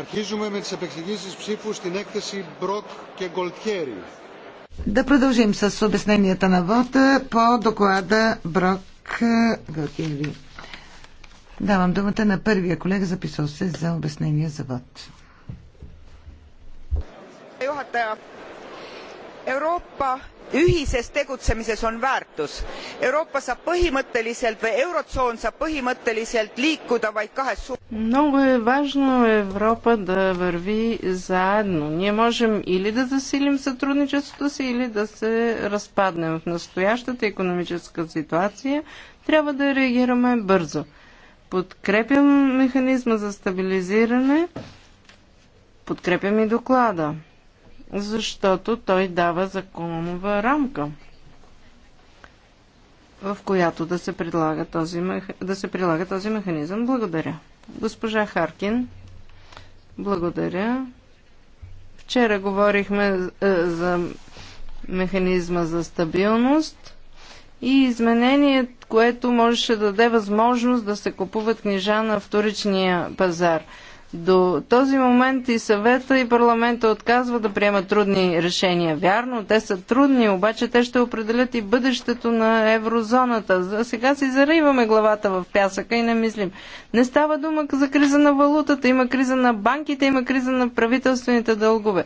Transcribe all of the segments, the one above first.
Αρχίζουμε με τις επεξηγήσεις ψήφου στην έκθεση Μπροκ και Да продължим с обясненията на вода по доклада Брок Галтиери. Давам думата на първия колега, записал се за обяснение за вод. Европа ühises tegutsemises on väärtus. euroopa saab põhimõtteliselt või eurotsoon saab põhimõtteliselt liikuda vaid kahes suunas. Много е важно Европа да върви заедно. Ние можем или да засилим сътрудничеството си, или да се разпаднем. В настоящата економическа ситуация трябва да реагираме бързо. Подкрепям механизма за стабилизиране, подкрепям и доклада защото той дава законова рамка, в която да се, предлага този, да се прилага този механизъм. Благодаря. Госпожа Харкин, благодаря. Вчера говорихме е, за механизма за стабилност и изменение, което можеше да даде възможност да се купуват книжа на вторичния пазар. До този момент и съвета и парламента отказва да приемат трудни решения. Вярно, те са трудни, обаче те ще определят и бъдещето на еврозоната. За сега си зариваме главата в пясъка и не мислим. Не става дума за криза на валутата, има криза на банките, има криза на правителствените дългове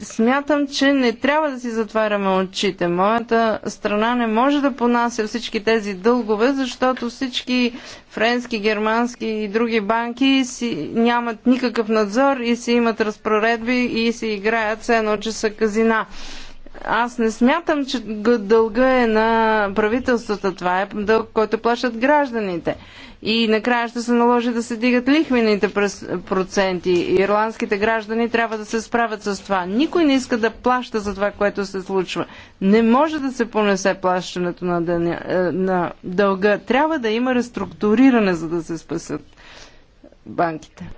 смятам, че не трябва да си затваряме очите. Моята страна не може да понася всички тези дългове, защото всички френски, германски и други банки си, нямат никакъв надзор и си имат разпоредби и си играят все едно, че са казина. Аз не смятам, че дълга е на правителствата. Това е дълг, който плащат гражданите. И накрая ще се наложи да се дигат лихвените проценти. Ирландските граждани трябва да се справят с това. Никой не иска да плаща за това, което се случва. Не може да се понесе плащането на, дъня, е, на дълга. Трябва да има реструктуриране, за да се спасат банките.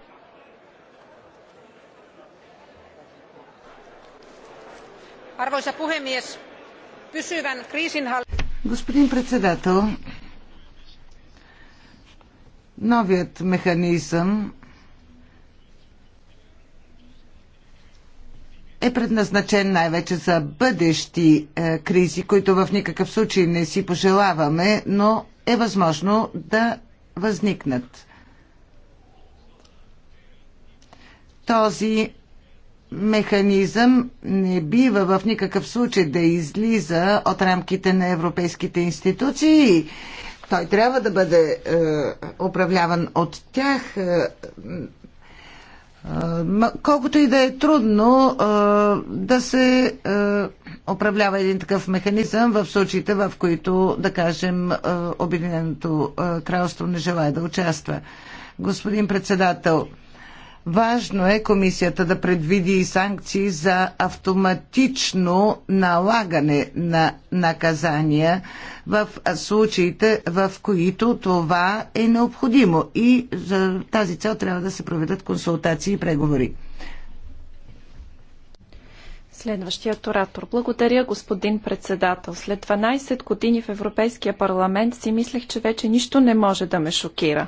Arvoisa puhemies, pysyvän kriisinhallinnan... Господин председател, новият механизъм е предназначен най-вече за бъдещи е, кризи, които в никакъв случай не си пожелаваме, но е възможно да възникнат. Този механизъм не бива в никакъв случай да излиза от рамките на европейските институции. Той трябва да бъде е, управляван от тях. Е, е Колкото и да е трудно е, да се е, управлява един такъв механизъм в случаите, в които, да кажем, Обединеното кралство не желая да участва. Господин председател, Важно е комисията да предвиди и санкции за автоматично налагане на наказания в случаите, в които това е необходимо. И за тази цел трябва да се проведат консултации и преговори. Следващият оратор. Благодаря, господин председател. След 12 години в Европейския парламент си мислех, че вече нищо не може да ме шокира.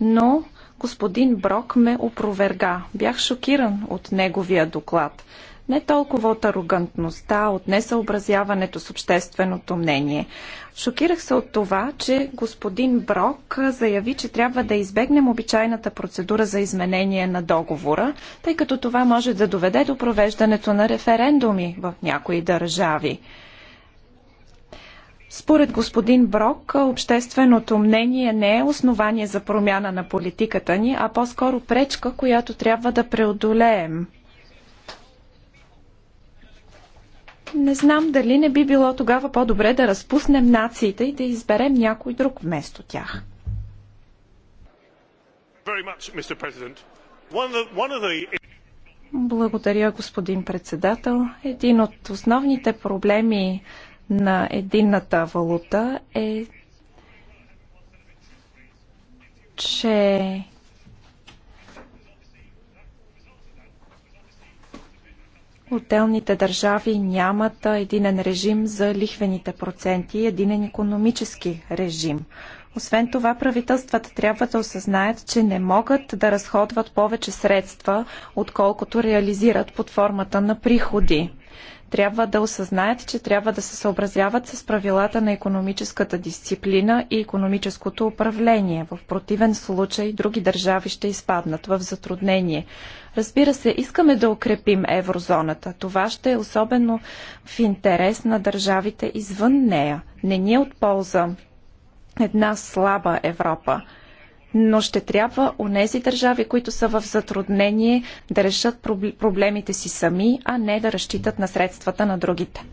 Но Господин Брок ме опроверга. Бях шокиран от неговия доклад. Не толкова от арогантността, от несъобразяването с общественото мнение. Шокирах се от това, че господин Брок заяви, че трябва да избегнем обичайната процедура за изменение на договора, тъй като това може да доведе до провеждането на референдуми в някои държави. Според господин Брок, общественото мнение не е основание за промяна на политиката ни, а по-скоро пречка, която трябва да преодолеем. Не знам дали не би било тогава по-добре да разпуснем нациите и да изберем някой друг вместо тях. Благодаря, господин председател. Един от основните проблеми на единната валута е, че Отделните държави нямат единен режим за лихвените проценти и единен економически режим. Освен това, правителствата трябва да осъзнаят, че не могат да разходват повече средства, отколкото реализират под формата на приходи трябва да осъзнаят, че трябва да се съобразяват с правилата на економическата дисциплина и економическото управление. В противен случай други държави ще изпаднат в затруднение. Разбира се, искаме да укрепим еврозоната. Това ще е особено в интерес на държавите извън нея. Не ни е от полза една слаба Европа но ще трябва у нези държави, които са в затруднение да решат проблемите си сами, а не да разчитат на средствата на другите.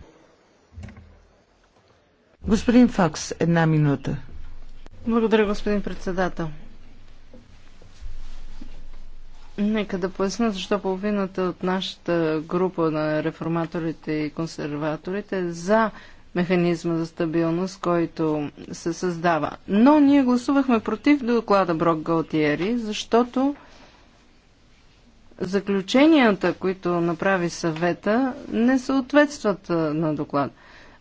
Господин Факс, една минута. Благодаря, господин председател. Нека да поясня защо половината от нашата група на реформаторите и консерваторите е за механизма за стабилност, който се създава. Но ние гласувахме против доклада Брок Галтиери, защото заключенията, които направи съвета, не съответстват на доклад.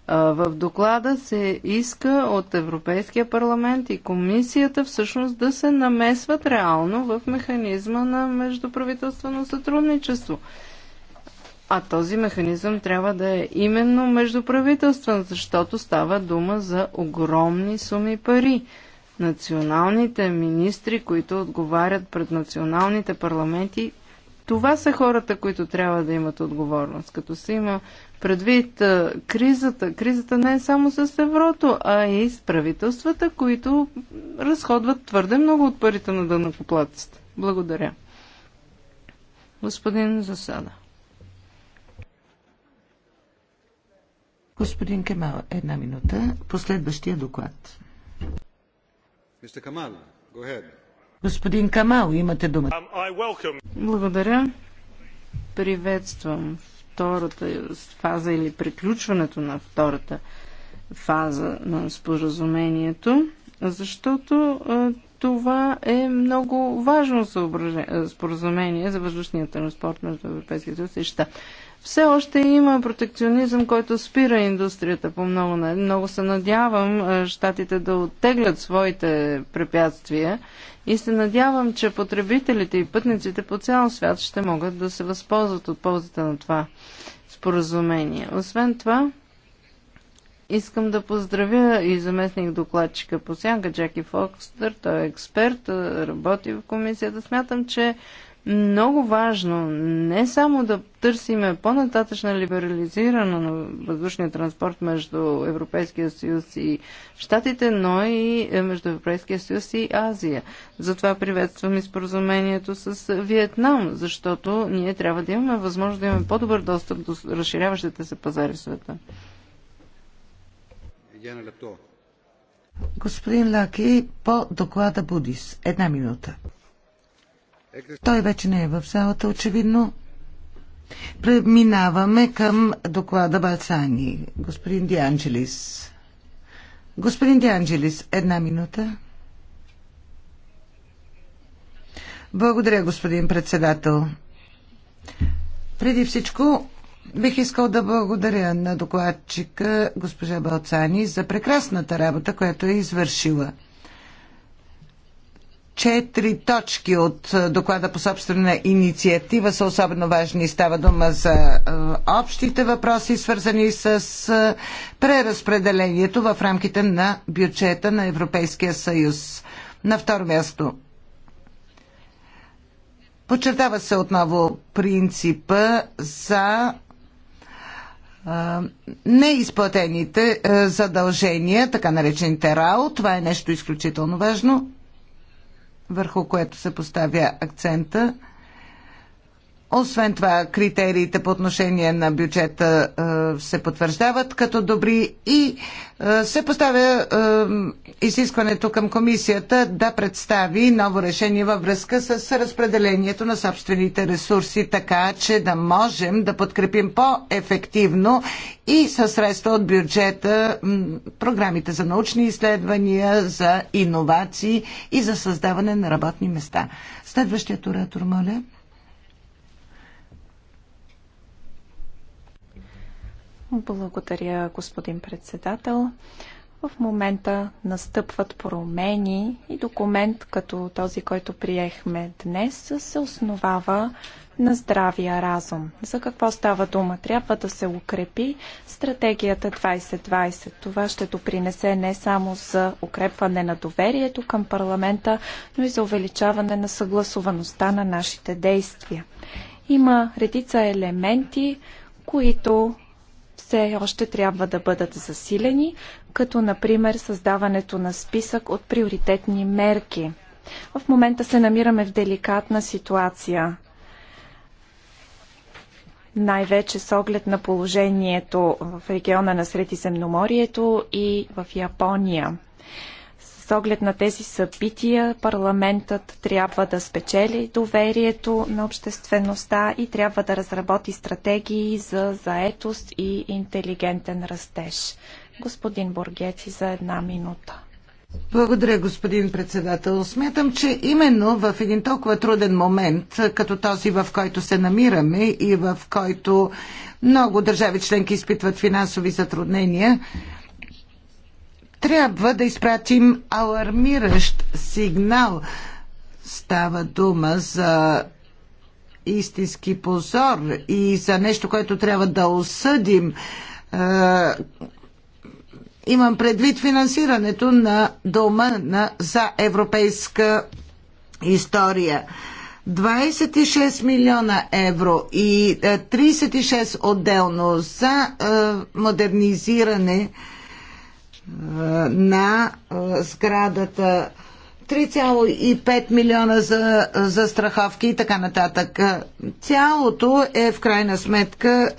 В доклада се иска от Европейския парламент и комисията всъщност да се намесват реално в механизма на междуправителствено сътрудничество. А този механизъм трябва да е именно междуправителствен, защото става дума за огромни суми пари. Националните министри, които отговарят пред националните парламенти, това са хората, които трябва да имат отговорност. Като се има предвид кризата, кризата не е само с еврото, а и с правителствата, които разходват твърде много от парите на дънакоплатците. Благодаря. Господин Засада. Господин Кемал, една минута. Последващия доклад. Господин Камал, имате дума. Um, Благодаря. Приветствам втората фаза или приключването на втората фаза на споразумението, защото това е много важно споразумение за въздушния транспорт между Европейския съюз и Щата все още има протекционизъм, който спира индустрията по много. Много се надявам е, щатите да оттеглят своите препятствия и се надявам, че потребителите и пътниците по цял свят ще могат да се възползват от ползата на това споразумение. Освен това, искам да поздравя и заместник докладчика по сянка Джаки Фокстър. Той е експерт, е, работи в комисията. Смятам, че много важно не само да търсиме по-нататъчна либерализирана на въздушния транспорт между Европейския съюз и Штатите, но и е, между Европейския съюз и Азия. Затова приветствам и споразумението с Виетнам, защото ние трябва да имаме възможност да имаме по-добър достъп до разширяващите се пазари в света. Господин Лаки, по доклада Будис. Една минута. Той вече не е в залата, очевидно. Преминаваме към доклада Бацани. Господин Дианджелис. Господин Дианджелис, една минута. Благодаря, господин председател. Преди всичко, бих искал да благодаря на докладчика госпожа Балцани за прекрасната работа, която е извършила четири точки от е, доклада по собствена инициатива са особено важни. Става дума за е, общите въпроси, свързани с е, преразпределението в рамките на бюджета на Европейския съюз. На второ място. Подчертава се отново принципа за неизплатените задължения, така наречените РАО. Това е нещо изключително важно върху което се поставя акцента. Освен това, критериите по отношение на бюджета е, се потвърждават като добри и е, се поставя е, изискването към комисията да представи ново решение във връзка с разпределението на собствените ресурси, така че да можем да подкрепим по-ефективно и със средства от бюджета програмите за научни изследвания, за иновации и за създаване на работни места. Следващият оратор, моля. Благодаря, господин председател. В момента настъпват промени и документ като този, който приехме днес, се основава на здравия разум. За какво става дума? Трябва да се укрепи стратегията 2020. Това ще допринесе не само за укрепване на доверието към парламента, но и за увеличаване на съгласуваността на нашите действия. Има редица елементи, които все още трябва да бъдат засилени, като например създаването на списък от приоритетни мерки. В момента се намираме в деликатна ситуация най-вече с оглед на положението в региона на Средиземноморието и в Япония. С оглед на тези събития парламентът трябва да спечели доверието на обществеността и трябва да разработи стратегии за заетост и интелигентен растеж. Господин Боргети за една минута. Благодаря, господин председател. Смятам, че именно в един толкова труден момент, като този, в който се намираме и в който много държави членки изпитват финансови затруднения, трябва да изпратим алармиращ сигнал. Става дума за истински позор и за нещо, което трябва да осъдим. Е, имам предвид финансирането на дома на, за европейска история. 26 милиона евро и 36 е, отделно за е, модернизиране на сградата, 3,5 милиона за, за страховки и така нататък. Цялото е в крайна сметка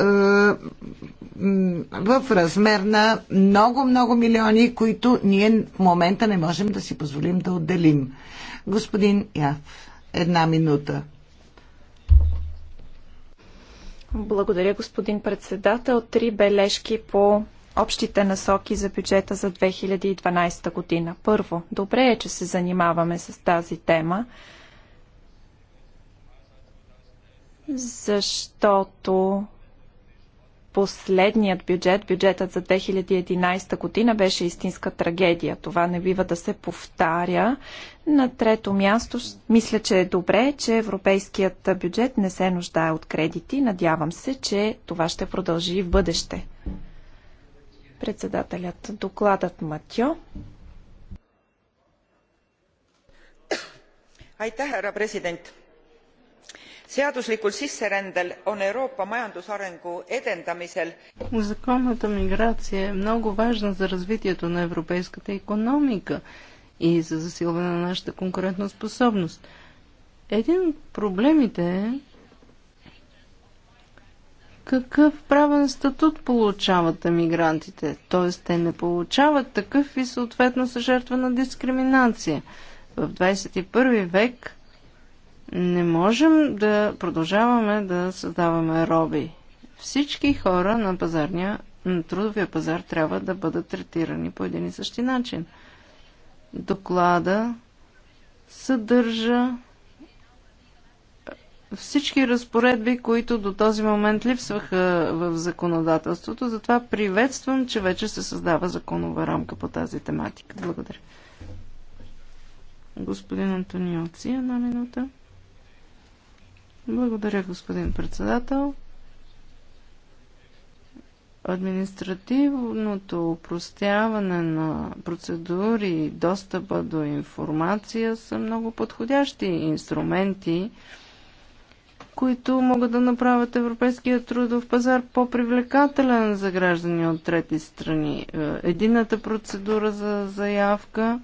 в размер на много-много милиони, които ние в момента не можем да си позволим да отделим. Господин Яв, една минута. Благодаря, господин председател. Три бележки по общите насоки за бюджета за 2012 година. Първо, добре е, че се занимаваме с тази тема, защото последният бюджет, бюджетът за 2011 година, беше истинска трагедия. Това не бива да се повтаря. На трето място, мисля, че е добре, че европейският бюджет не се нуждае от кредити. Надявам се, че това ще продължи и в бъдеще. Председателят докладът Матьо. Aitäh, härra president! Seaduslikul sisserändel on Euroopa majandusarengu edendamisel Законната миграция е много важна за развитието на европейската економика и за засилване на нашата конкурентна способност. Един от проблемите е, какъв правен статут получават емигрантите? Т.е. те не получават такъв и съответно са жертва на дискриминация. В 21 век не можем да продължаваме да създаваме роби. Всички хора на пазарния, на трудовия пазар трябва да бъдат третирани по един и същи начин. Доклада съдържа всички разпоредби, които до този момент липсваха в законодателството. Затова приветствам, че вече се създава законова рамка по тази тематика. Благодаря. Господин Антониоци, една минута. Благодаря, господин председател. Административното упростяване на процедури и достъпа до информация са много подходящи инструменти, които могат да направят европейския трудов пазар по-привлекателен за граждани от трети страни. Е, едината процедура за заявка,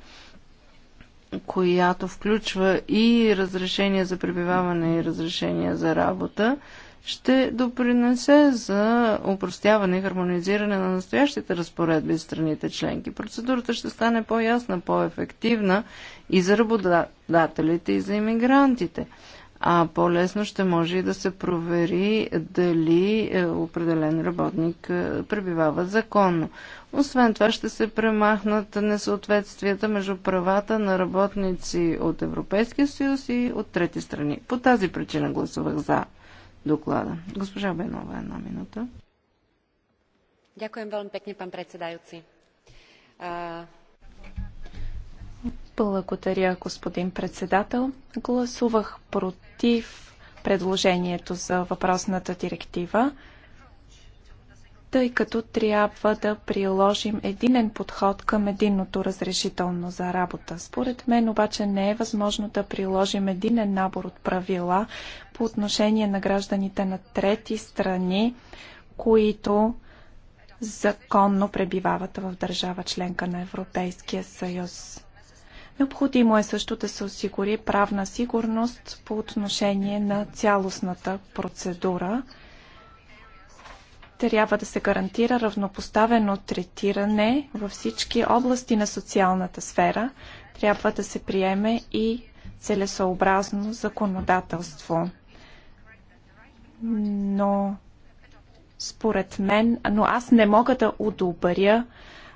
която включва и разрешение за пребиваване и разрешение за работа, ще допринесе за упростяване и хармонизиране на настоящите разпоредби в страните членки. Процедурата ще стане по-ясна, по-ефективна и за работодателите, и за иммигрантите а по-лесно ще може и да се провери дали е, определен работник е, пребивава законно. Освен това ще се премахнат несъответствията между правата на работници от Европейския съюз и от трети страни. По тази причина гласувах за доклада. Госпожа Бенова, една минута. Дякуем veľmi пекни, пан председайоци. Благодаря, господин председател. Гласувах против предложението за въпросната директива, тъй като трябва да приложим единен подход към единното разрешително за работа. Според мен обаче не е възможно да приложим единен набор от правила по отношение на гражданите на трети страни, които законно пребивават в държава членка на Европейския съюз. Необходимо е също да се осигури правна сигурност по отношение на цялостната процедура. Трябва да се гарантира равнопоставено третиране във всички области на социалната сфера. Трябва да се приеме и целесообразно законодателство. Но според мен, но аз не мога да одобря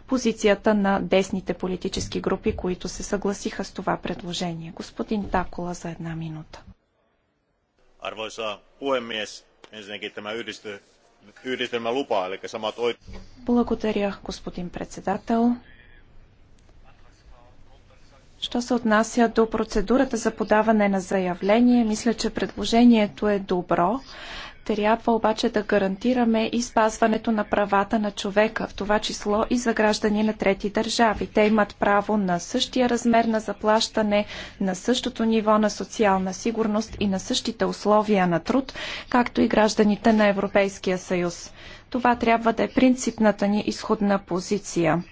позицията на десните политически групи, които се съгласиха с това предложение. Господин Такола за една минута. Arvoisa puhemies, ensinnäkin tämä eli samat Благодаря, господин председател. Що се отнася до процедурата за подаване на заявление, мисля, че предложението е добро. Трябва обаче да гарантираме и спазването на правата на човека, в това число и за граждани на трети държави. Те имат право на същия размер на заплащане, на същото ниво на социална сигурност и на същите условия на труд, както и гражданите на Европейския съюз. Това трябва да е принципната ни изходна позиция.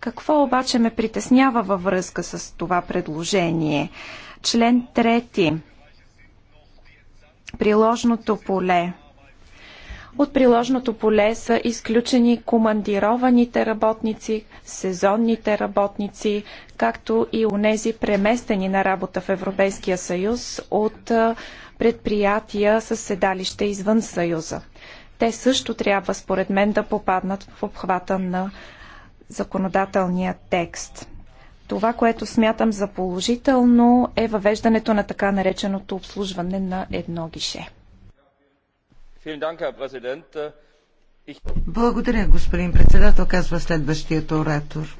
Какво обаче ме притеснява във връзка с това предложение? Член трети Приложното поле. От приложното поле са изключени командированите работници, сезонните работници, както и унези преместени на работа в Европейския съюз от предприятия с седалище извън съюза. Те също трябва, според мен, да попаднат в обхвата на законодателния текст. Това, което смятам за положително е въвеждането на така нареченото обслужване на едно гише. Благодаря, господин председател, казва следващият оратор.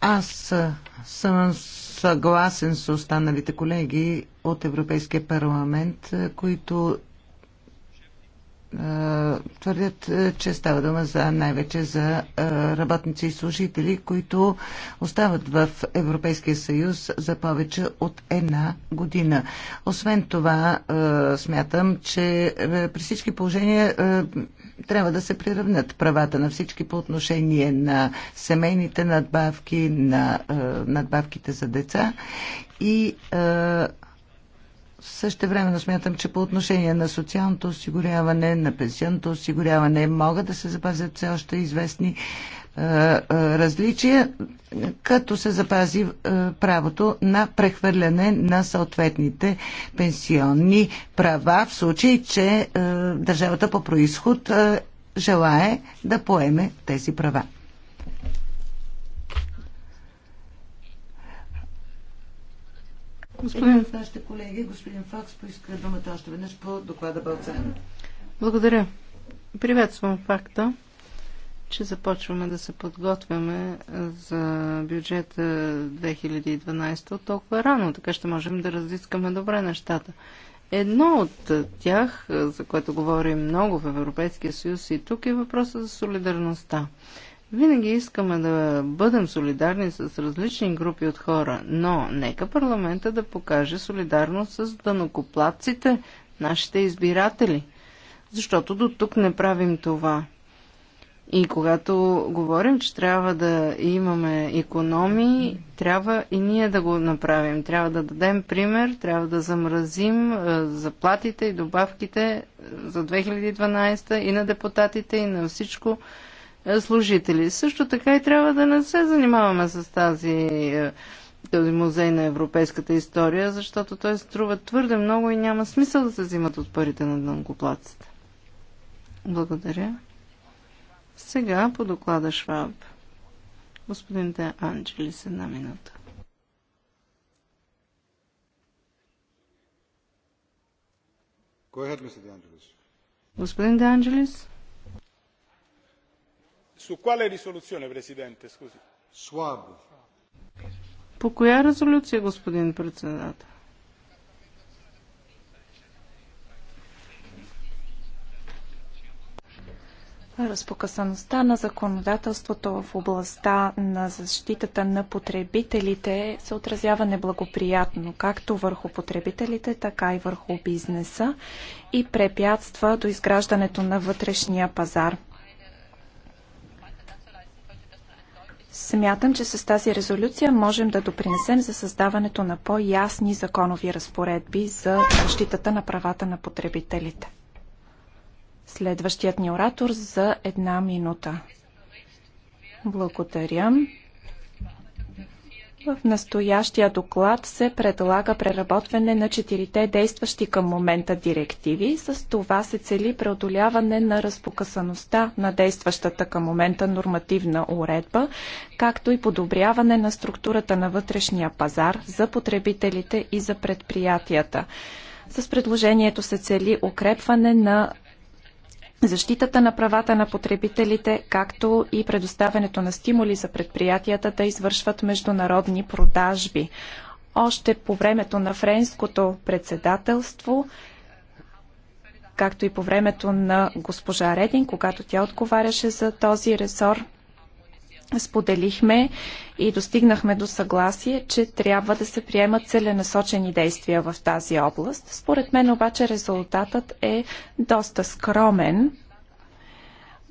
Аз съм съгласен с останалите колеги от Европейския парламент, които е, твърдят, е, че става дума за най-вече за е, работници и служители, които остават в Европейския съюз за повече от една година. Освен това, смятам, че при всички положения трябва да се приравнат правата на всички по отношение на семейните надбавки, на надбавките за деца и също времено смятам, че по отношение на социалното осигуряване, на пенсионното осигуряване могат да се запазят все още известни е, е, различия, като се запази е, правото на прехвърляне на съответните пенсионни права в случай, че държавата по происход желае да поеме тези права. Господин... от нашите колеги, господин Факс, поиска думата още веднъж по доклада Балцан. Благодаря. Приветствам факта, че започваме да се подготвяме за бюджета 2012 от толкова рано, така ще можем да разискаме добре нещата. Едно от тях, за което говорим много в Европейския съюз и тук е въпроса за солидарността. Винаги искаме да бъдем солидарни с различни групи от хора, но нека парламента да покаже солидарност с дънокоплатците, нашите избиратели, защото до тук не правим това. И когато говорим, че трябва да имаме економии, трябва и ние да го направим. Трябва да дадем пример, трябва да замразим е, заплатите и добавките за 2012 и на депутатите, и на всичко, служители. Също така и трябва да не се занимаваме с тази е, този музей на европейската история, защото той струва твърде много и няма смисъл да се взимат от парите на дънкоплаците. Благодаря. Сега по доклада Шваб. Господин Де Анджелис, една минута. Господин Де Анджелис. Su quale risoluzione, Presidente, scusi? По коя резолюция, господин председател? Разпокъсаността на законодателството в областта на защитата на потребителите се отразява неблагоприятно, както върху потребителите, така и върху бизнеса и препятства до изграждането на вътрешния пазар. Смятам, че с тази резолюция можем да допринесем за създаването на по-ясни законови разпоредби за защитата на правата на потребителите. Следващият ни оратор за една минута. Благодаря. В настоящия доклад се предлага преработване на четирите действащи към момента директиви. С това се цели преодоляване на разпокъсаността на действащата към момента нормативна уредба, както и подобряване на структурата на вътрешния пазар за потребителите и за предприятията. С предложението се цели укрепване на защитата на правата на потребителите, както и предоставянето на стимули за предприятията да извършват международни продажби. Още по времето на френското председателство, както и по времето на госпожа Редин, когато тя отговаряше за този ресор, споделихме и достигнахме до съгласие, че трябва да се приемат целенасочени действия в тази област. Според мен обаче резултатът е доста скромен.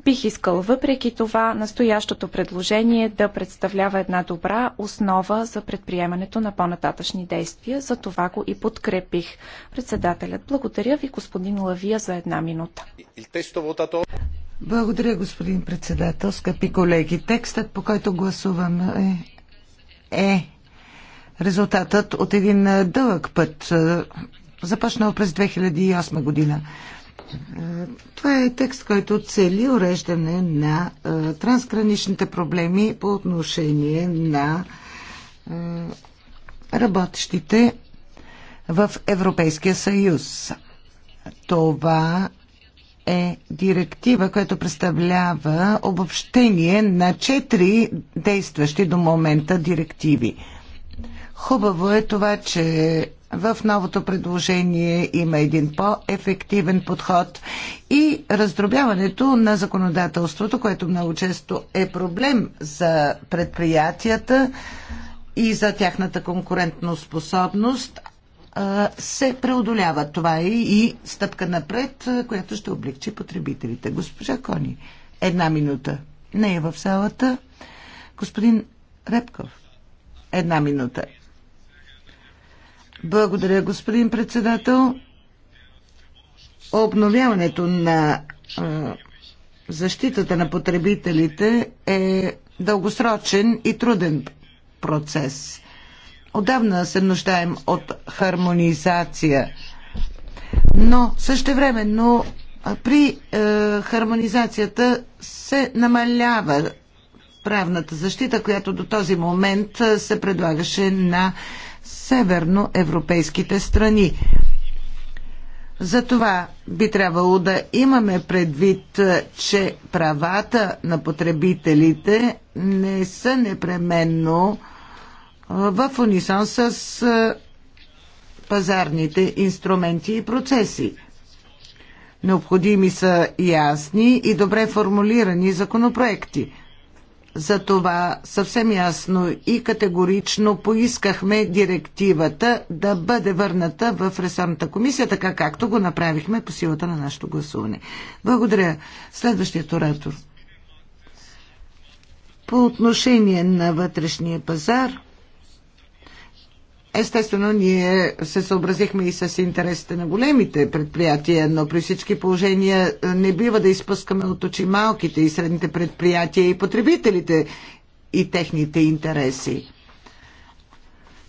Бих искал въпреки това настоящото предложение да представлява една добра основа за предприемането на по-нататъчни действия. За това го и подкрепих. Председателят, благодаря ви, господин Лавия, за една минута. Благодаря, господин председател. Скъпи колеги, текстът, по който гласуваме е, е резултатът от един дълъг път, е, започнал през 2008 година. Е, това е текст, който цели уреждане на е, трансграничните проблеми по отношение на работещите в Европейския съюз. Това е директива, която представлява обобщение на четири действащи до момента директиви. Хубаво е това, че в новото предложение има един по-ефективен подход и раздробяването на законодателството, което много често е проблем за предприятията и за тяхната конкурентноспособност се преодолява. Това е и стъпка напред, която ще облегчи потребителите. Госпожа Кони, една минута. Не е в залата. Господин Репков, една минута. Благодаря, господин председател. Обновяването на защитата на потребителите е дългосрочен и труден процес отдавна се нуждаем от хармонизация. Но но при е, хармонизацията се намалява правната защита, която до този момент е, се предлагаше на северноевропейските страни. Затова би трябвало да имаме предвид, е, че правата на потребителите не са непременно в унисон с пазарните инструменти и процеси. Необходими са ясни и добре формулирани законопроекти. Затова съвсем ясно и категорично поискахме директивата да бъде върната в ресорната комисия, така както го направихме по силата на нашето гласуване. Благодаря. Следващият оратор. По отношение на вътрешния пазар – Естествено, ние се съобразихме и с интересите на големите предприятия, но при всички положения е, не бива да изпускаме от очи малките и средните предприятия и потребителите и техните интереси.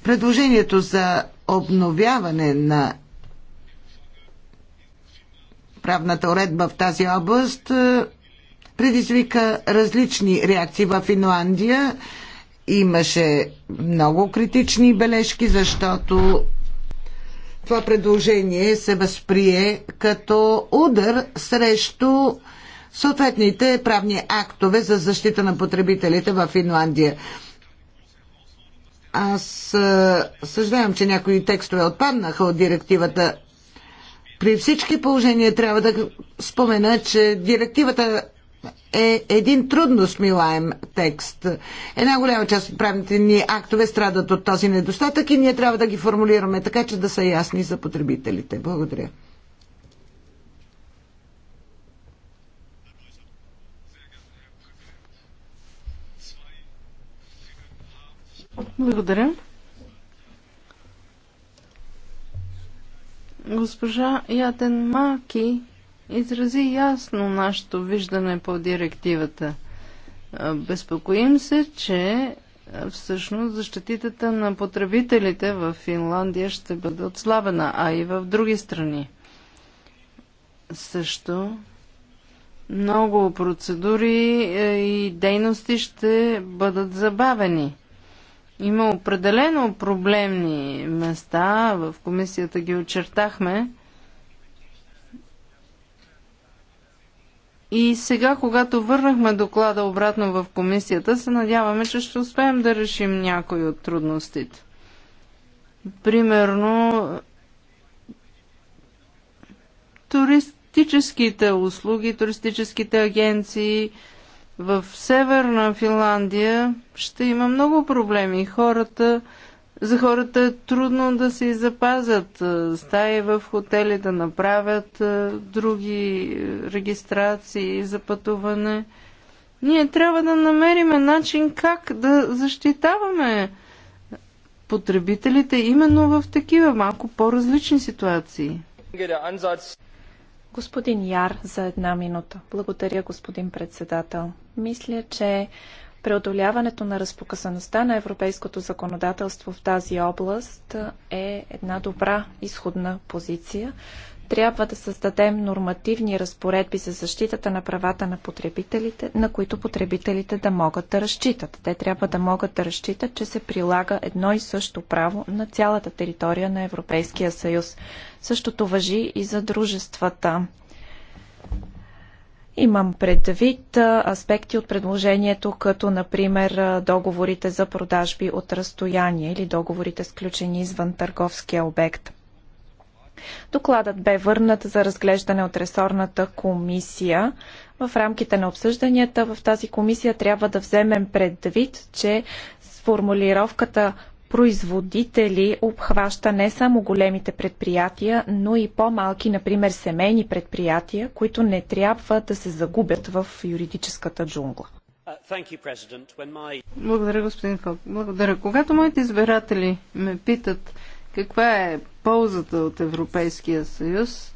Предложението за обновяване на правната уредба в тази област е, предизвика различни реакции в Финландия. Имаше много критични бележки, защото това предложение се възприе като удар срещу съответните правни актове за защита на потребителите в Финландия. Аз съжалявам, че някои текстове отпаднаха от директивата. При всички положения трябва да спомена, че директивата е един трудно смилаем текст. Една голяма част от правните ни актове страдат от този недостатък и ние трябва да ги формулираме така, че да са ясни за потребителите. Благодаря. Благодаря. Госпожа Ятен Маки изрази ясно нашето виждане по директивата. Безпокоим се, че всъщност защититата на потребителите в Финландия ще бъде отслабена, а и в други страни. Също много процедури е, и дейности ще бъдат забавени. Има определено проблемни места, в комисията ги очертахме, И сега, когато върнахме доклада обратно в комисията, се надяваме, че ще успеем да решим някои от трудностите. Примерно, туристическите услуги, туристическите агенции в северна Финландия ще има много проблеми. Хората за хората е трудно да се запазят е, стаи в хотели, да направят е, други е, регистрации за пътуване. Ние трябва да намерим начин как да защитаваме потребителите именно в такива малко по-различни ситуации. Господин Яр за една минута. Благодаря, господин председател. Мисля, че Преодоляването на разпокъсаността на европейското законодателство в тази област е една добра изходна позиция. Трябва да създадем нормативни разпоредби за защитата на правата на потребителите, на които потребителите да могат да разчитат. Те трябва да могат да разчитат, че се прилага едно и също право на цялата територия на Европейския съюз. Същото въжи и за дружествата. Имам предвид аспекти от предложението, като например договорите за продажби от разстояние или договорите сключени извън търговския обект. Докладът бе върнат за разглеждане от ресорната комисия. В рамките на обсъжданията в тази комисия трябва да вземем предвид, че формулировката производители обхваща не само големите предприятия, но и по-малки, например семейни предприятия, които не трябва да се загубят в юридическата джунгла. Благодаря, господин Фок. Благодаря. Когато моите избиратели ме питат каква е ползата от Европейския съюз,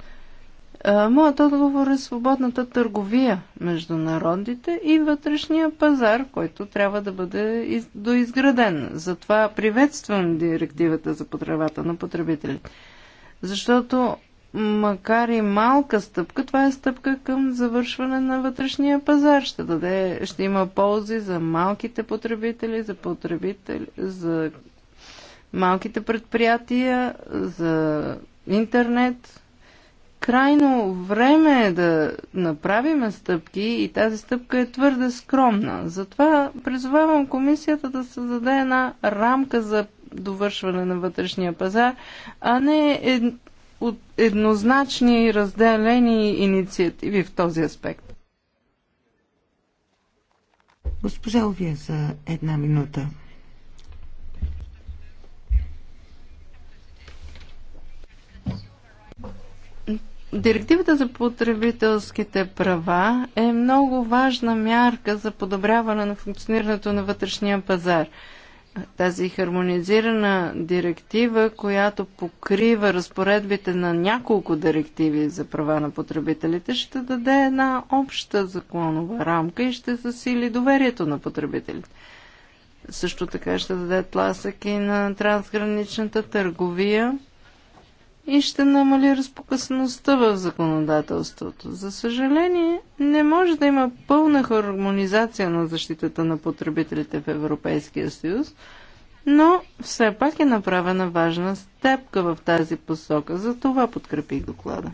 Моят отговор е свободната търговия между народите и вътрешния пазар, който трябва да бъде доизграден. Затова приветствам директивата за потребата на потребителите. Защото макар и малка стъпка, това е стъпка към завършване на вътрешния пазар. Ще, даде, ще има ползи за малките потребители, за потребители, за малките предприятия, за интернет, крайно време е да направим стъпки и тази стъпка е твърде скромна. Затова призовавам комисията да създаде една рамка за довършване на вътрешния пазар, а не ед... от еднозначни и разделени инициативи в този аспект. Госпожа Овия за една минута. Директивата за потребителските права е много важна мярка за подобряване на функционирането на вътрешния пазар. Тази хармонизирана директива, която покрива разпоредбите на няколко директиви за права на потребителите, ще даде една обща законова рамка и ще засили доверието на потребителите. Също така ще даде тласък и на трансграничната търговия и ще намали разпокъсаността в законодателството. За съжаление, не може да има пълна хармонизация на защитата на потребителите в Европейския съюз, но все пак е направена важна степка в тази посока. За това подкрепих доклада.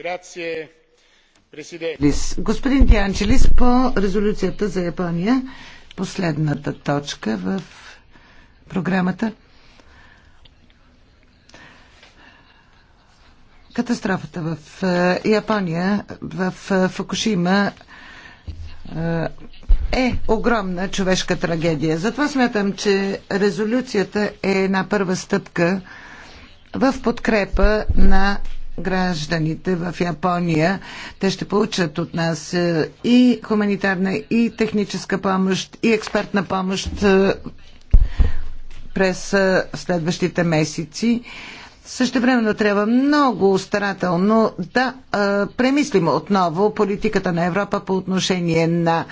Grazie Господин Дианчелис, по резолюцията за Япония, последната точка в програмата. Катастрофата в е, Япония, в е, Фукушима е, е огромна човешка трагедия. Затова смятам, че резолюцията е една първа стъпка в подкрепа на гражданите в Япония. Те ще получат от нас е, и хуманитарна, и техническа помощ, и експертна помощ е, през е, следващите месеци. Също времено трябва много старателно да а, премислим отново политиката на Европа по отношение на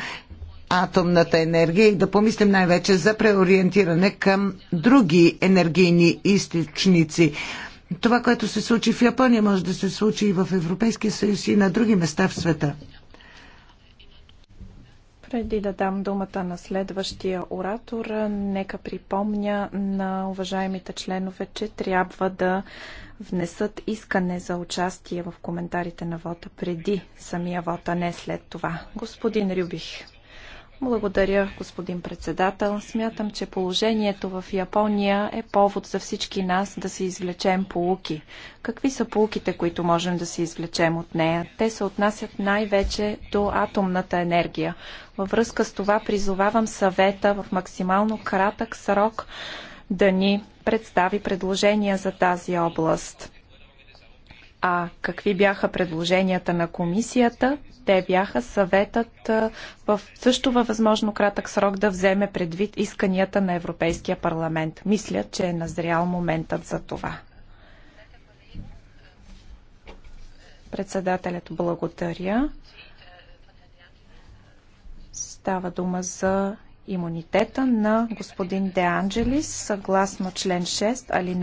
атомната енергия и да помислим най-вече за преориентиране към други енергийни източници това, което се случи в Япония, може да се случи и в Европейския съюз и на други места в света. Преди да дам думата на следващия оратор, нека припомня на уважаемите членове, че трябва да внесат искане за участие в коментарите на вота преди самия вота, не след това. Господин Рюбих. Благодаря, господин председател. Смятам, че положението в Япония е повод за всички нас да се извлечем полуки. Какви са полуките, които можем да се извлечем от нея? Те се отнасят най-вече до атомната енергия. Във връзка с това призовавам съвета в максимално кратък срок да ни представи предложения за тази област. А какви бяха предложенията на комисията? Те бяха съветът в също във възможно кратък срок да вземе предвид исканията на Европейския парламент. Мисля, че е назрял моментът за това. Председателят благодаря. Става дума за имунитета на господин Де Анджелис, съгласно член 6, алинея